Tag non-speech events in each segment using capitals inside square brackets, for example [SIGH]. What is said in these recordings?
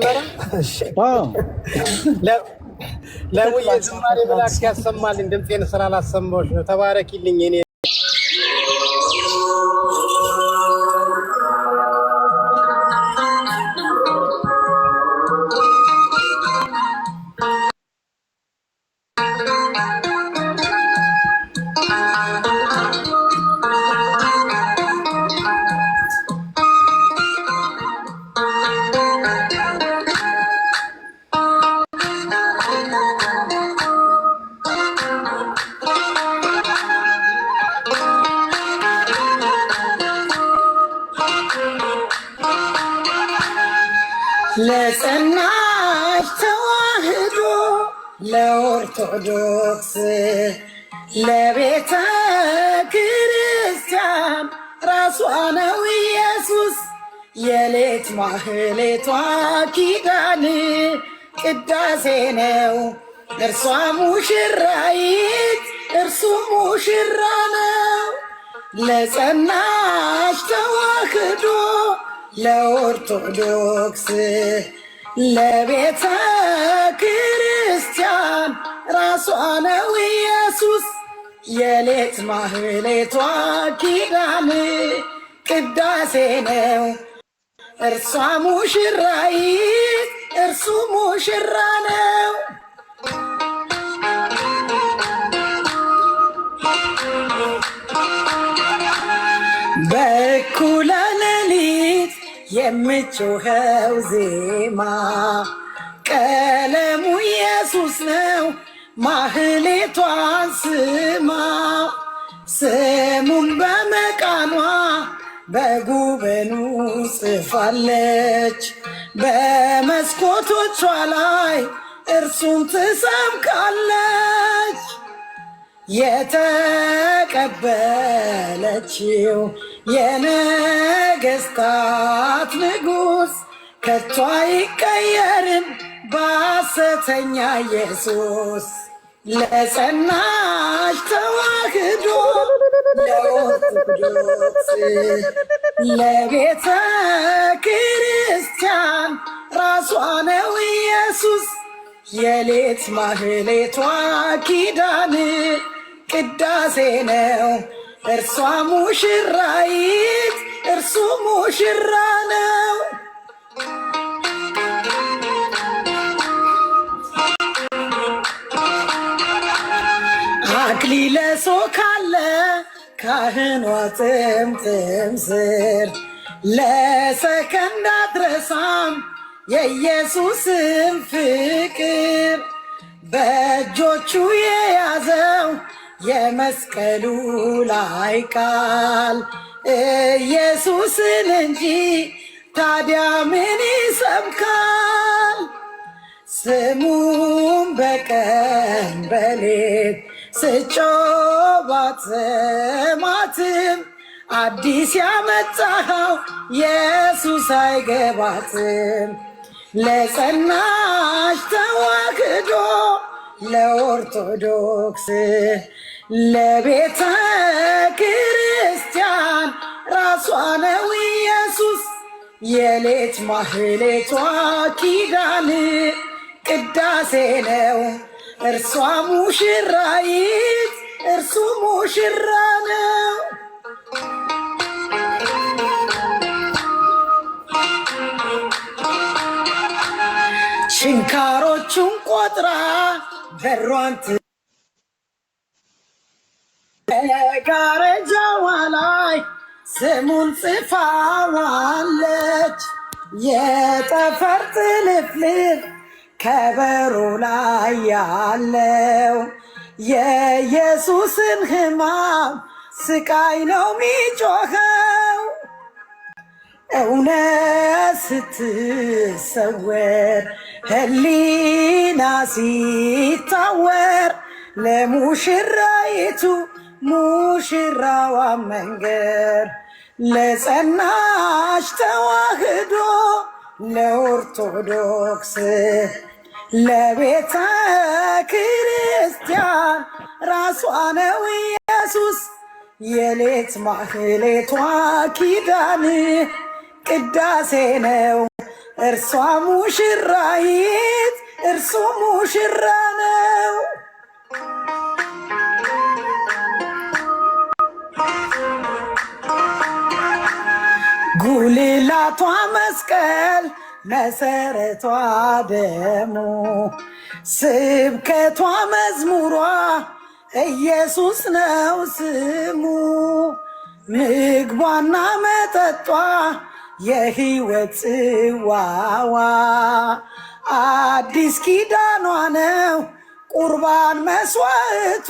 መጀመሪያ ለሙዬ ዝማሬ መላክ ያሰማልኝ። ድምፄን ስላላሰማሁሽ ነው። ተባረኪልኝ። ኦርቶዶክስ ለቤተ ክርስቲያን ራሷ ነው ኢየሱስ የሌት ማህሌቷ ኪዳን ቅዳሴ ነው እርሷ ሙሽራይት እርሱ ሙሽራ ነው ለጸናሽ ተዋህዶ ለኦርቶዶክስ ለቤተ راسو انا وياسوس يا ليت ما ليت واكيداني قداسي نو ارسو موش الرأي ارسو موش الرانو بكل ليت يمتشو زيما كلامو يسوس نو ማህሌቷን ስማ ስሙን በመቃኗ በጉበኑ ጽፋለች። በመስኮቶቿ ላይ እርሱን ትሰብካለች። የተቀበለችው የነገስታት ንጉስ ከቷ አይቀየርም በሐሰተኛ ኢየሱስ ለጸናች ተዋህዶ ለኦርቶዶክስ ለቤተ ክርስቲያን ራሷ ነው ኢየሱስ የሌት ማህሌቷ ኪዳን ቅዳሴ ነው እርሷ ሙሽራይት እርሱ ሙሽራ ነው። ለሶ ካለ ካህኗ ጥምጥም ስር ለሰከንድ አትረሳም የኢየሱስን ፍቅር በእጆቹ የያዘው የመስቀሉ ላይ ቃል ኢየሱስን እንጂ ታዲያ ምን ይሰብካል? ስሙም በቀን በሌት ስጮባት ዘማትም አዲስ ያመጣኸው ኢየሱስ አይገባትም። ለጸናሽ ተዋህዶ ለኦርቶዶክስ ለቤተ ክርስቲያን ራሷ ነው ኢየሱስ የሌት ማህሌቷ ኪዳን ቅዳሴ ነው እርሷ ሙሽራይት እርሱ ሙሽራ ነው። ሽንካሮቹን ቆጥራ በሯን መጋረጃዋ ላይ ስሙን ጽፋዋለች የጠፈር ጥልፍልፍ ከበሮ ላይ ያለው የኢየሱስን ሕማም ስቃይ ነው ሚጮኸው። እውነት ስትሰወር ሕሊና ሲታወር ለሙሽራይቱ ሙሽራዋ መንገድ ለጸናሽ ተዋህዶ ለኦርቶዶክስ ለቤተ ክርስቲያን ራሷ ነው ኢየሱስ የሌት ማህሌቷ ኪዳን ቅዳሴ ነው። እርሷ ሙሽራይት እርሱ ሙሽራ ነው። ጉልላቷ መስቀል መሰረቷ ደሙ ስብከቷ መዝሙሯ ኢየሱስ ነው ስሙ ምግቧና መጠጧ የሕይወት ጽዋዋ አዲስ ኪዳኗ ነው ቁርባን መስዋዕቷ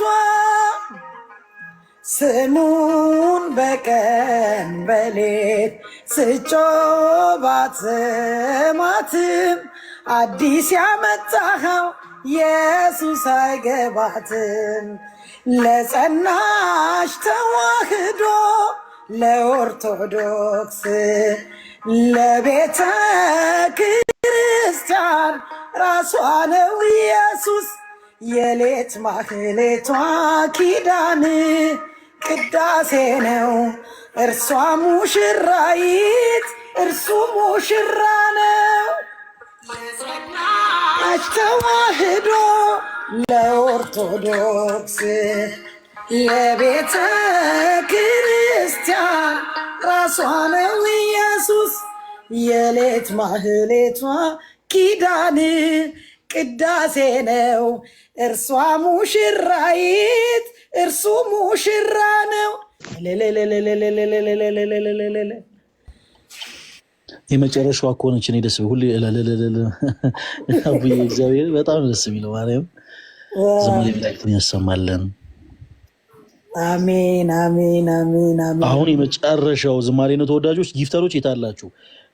ስሙን በቀን በሌት ስጮባት ሰማትም አዲስ ያመጣኸው ኢየሱስ አይገባትም። ለጸናሽ ተዋህዶ ለኦርቶዶክስ ለቤተ ክርስቲያን ራሷ ነው ኢየሱስ የሌት ማህሌቷ ኪዳን ቅዳሴ ነው። እርሷ ሙሽራይት እርሱ ሙሽራ ነው። አስተዋህዶ ለኦርቶዶክስ ለቤተ ክርስቲያን ራሷ ነው ኢየሱስ የሌት ማህሌቷ ኪዳን ቅዳሴ ነው። እርሷ ሙሽራይት እርሱ ሙሽራ ነው። የመጨረሻዋ እኮ ነች። እኔ ደስ ሁሌ እግዚአብሔር በጣም ደስ የሚለው ማርያም ዘማሪ መላእክትን ያሰማለን። አሜን አሜን አሜን አሜን። አሁን የመጨረሻው ዝማሬ ነው። ተወዳጆች ጊፍተሮች የታላችሁ?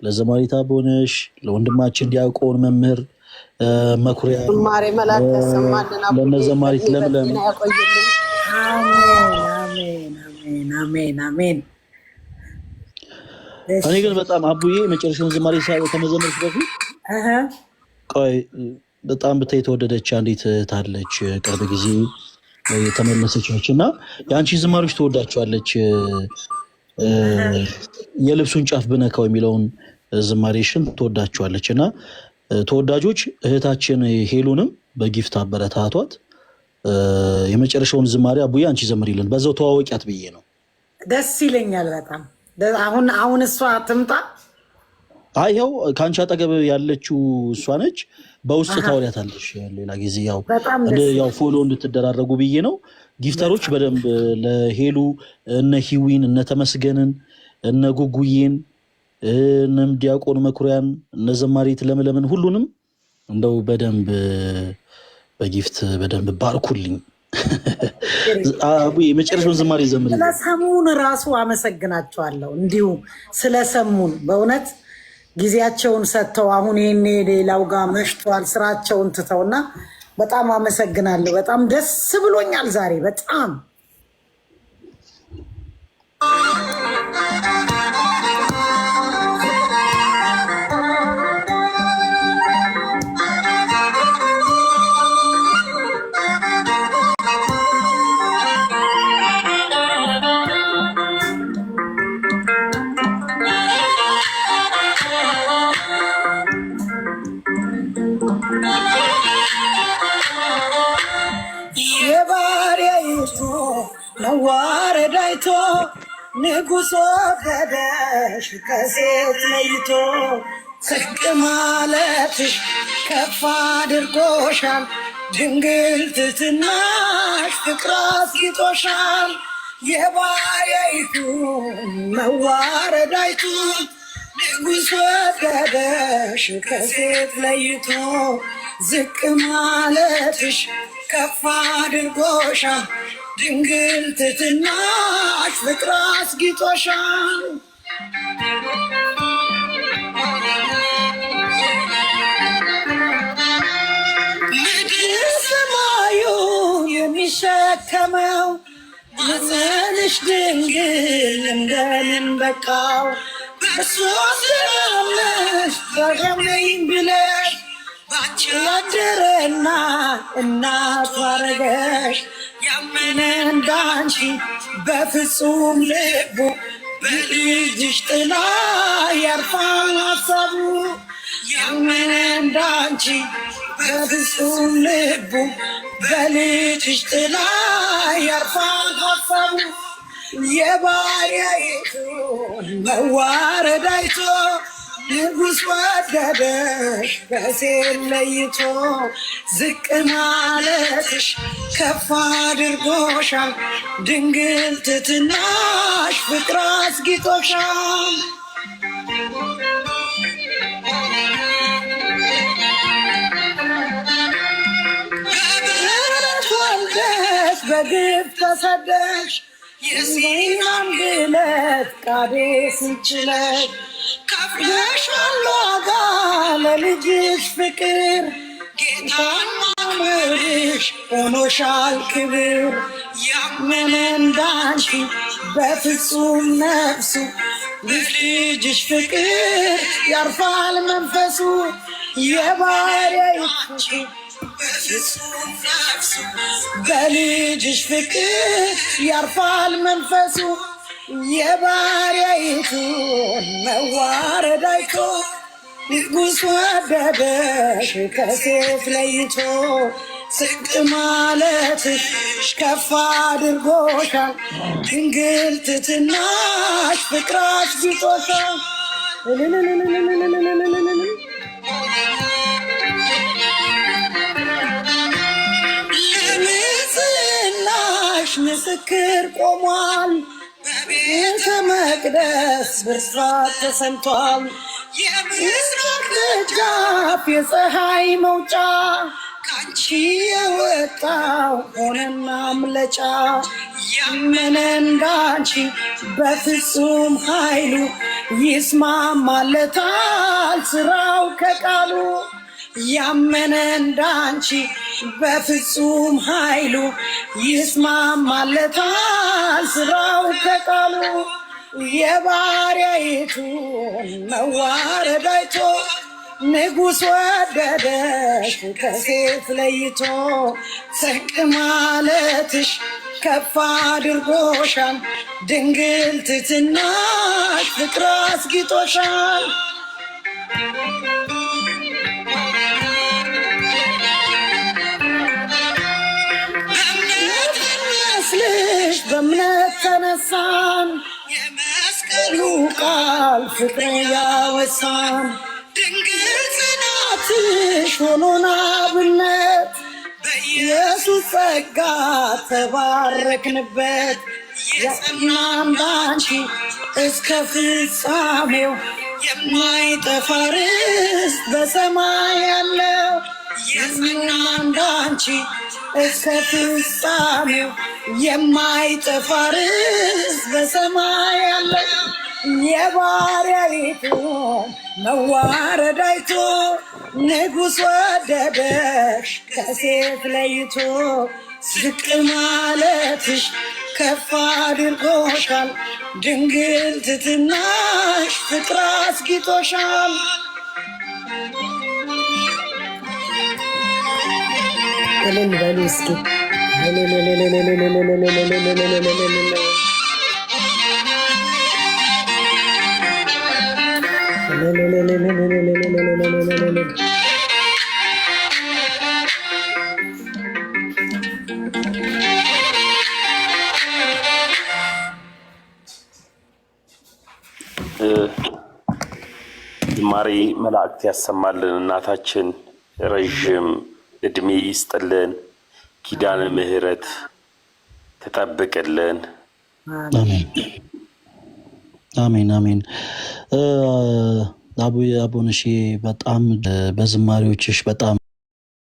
ለዘማሪ ታቦነሽ፣ ለወንድማችን ዲያቆን መምህር መኩሪያ ለነ ዘማሪት ለምለም እኔ ግን በጣም አቡዬ መጨረሻውን ዝማሬ ከመዘመርሽ በፊት ቆይ በጣም ብታይ የተወደደች አንዲት ታለች ቅርብ ጊዜ የተመለሰች እና የአንቺ ዝማሪዎች ትወዳቸዋለች። የልብሱን ጫፍ ብነካው የሚለውን ዝማሬሽን ትወዳቸዋለች እና ተወዳጆች እህታችን ሄሉንም በጊፍት አበረታቷት። የመጨረሻውን ዝማሬ አቡዬ አንቺ ዘምሪልን፣ በዛው ተዋወቂያት ብዬ ነው። ደስ ይለኛል በጣም አሁን አሁን እሷ ትምጣ። አይኸው ከአንቺ አጠገብ ያለችው እሷ ነች። በውስጥ ታወሪያታለሽ ሌላ ጊዜ ያው ያው ፎሎ እንድትደራረጉ ብዬ ነው። ጊፍተሮች በደንብ ለሄሉ እነ ሂዊን እነ ተመስገንን እነ ጉጉዬን እነም ዲያቆን መኩሪያን እነ ዘማሪት ለምለምን ሁሉንም እንደው በደንብ በጊፍት በደንብ ባርኩልኝ። [LAUGHS] የመጨረሻውን ዝማሬ ዘምር። ስለሰሙን ራሱ አመሰግናቸዋለሁ፣ እንዲሁ ስለሰሙን በእውነት ጊዜያቸውን ሰጥተው አሁን ይሄኔ ሌላው ጋር መሽቷል ስራቸውን ትተው እና በጣም አመሰግናለሁ። በጣም ደስ ብሎኛል ዛሬ በጣም ንጉሥ ወደደሽ ከሴት ለይቶ ስቅ ማለትሽ ከፍ አድርጎሻል። ድንግል ትትናሽ ፍቅር አስጊጦሻል። የባየይቱ መዋረዳይቱ ንጉሥ ወደደሽ ከሴት ለይቶ ዝቅ ማለትሽ ከፍ አድርጎሻል። ድንግል ትትና ፍቅር አስጊጦሻል ሰማዩ የሚሸከመው ንጽሕሽ ድንግል እንደምን በቃው እርሱ ስላለሽ በቀምነይም ብለሽ እናቱ አረገሽ ያመነ እንዳንቺ በፍጹም ልቡ በልጅሽ ጥላ ያርፋል ሀሳቡ ያመነ እንዳንቺ በፍጹም ልቡ በልጅሽ ጥላ ያርፋል ሀሳቡ የባሪያይቱን መዋረድ አይቶ ንጉስ ወደደሽ በሴት ለይቶ ዝቅ ማለትሽ ከፍ አድርጎሻል። ድንግል ትትናሽ ፍቅር አስጊጦሻል። በግፍ ተሰደሽ ይህናም ብለት ቃዴ ስንችለት ከፍለሻል ዋጋ ለልጅሽ ፍቅር ጌታን ማክበርሽ ሆኖሻል ክብር ያመነ እንዳንቺ በፍጹም ነፍሱ ልጅሽ ፍቅር ያርፋል መንፈሱ የባሪያ የባሪያዎቹ በልጅሽ ፍቅር ያርፋል መንፈሱ የባሪያይቱን መዋረድ አይቶ ንጉሥ ወደደሽ ከሴት ለይቶ ስቅ ማለትሽ ከፍ አድርጎሻል ድንግል ትትናሽ ፍቅራሽ ቢጦሻል ምስክር ቆሟል። ቤተ መቅደስ ብስራት ተሰምቷል። የምስራቅ ደጃፍ የፀሐይ መውጫ ካንቺ የወጣው ሆነን ማምለጫ ያመነ እንዳንቺ በፍጹም ኃይሉ ይስማማለታል ስራው ከቃሉ ያመነ እንዳንቺ በፍጹም ኃይሉ ይስማማለታል ስራው ከቃሉ የባሪያይቱ መዋረዳይቶ ንጉሥ ወደደሽ ከሴት ለይቶ ሰቅ ማለትሽ ከፍ አድርጎሻል ድንግል ትትናሽ ፍቅር አስጊጦሻል ፍቅር ያወሳን ድንግል ጽናትሽ ሆኖና ብነት ኢየሱስ ጸጋ ተባረክንበት የጸናም ባንቺ እስከ ፍጻሜው የማይጠፋ ርስት በሰማይ ያለው የጸናም ባንቺ እስከ ፍጻሜው የማይጠፋ ርስት በሰማይ ያለው የባሪያይቱ መዋረድ አይቶ ንጉሥ ወደደሽ ከሴት ለይቶ ዝቅ ማለትሽ ከፍ አድርጎሻል። ድንግል ትትናሽ ፍቅር አስጊጦሻል። እልል በሉ እስኪ ዝማሬ መላእክት ያሰማልን። እናታችን ረዥም እድሜ ይስጥልን። ኪዳነ ምሕረት ትጠብቅልን። አሜን አሜን። አቡነ በጣም በዝማሪዎችሽ በጣም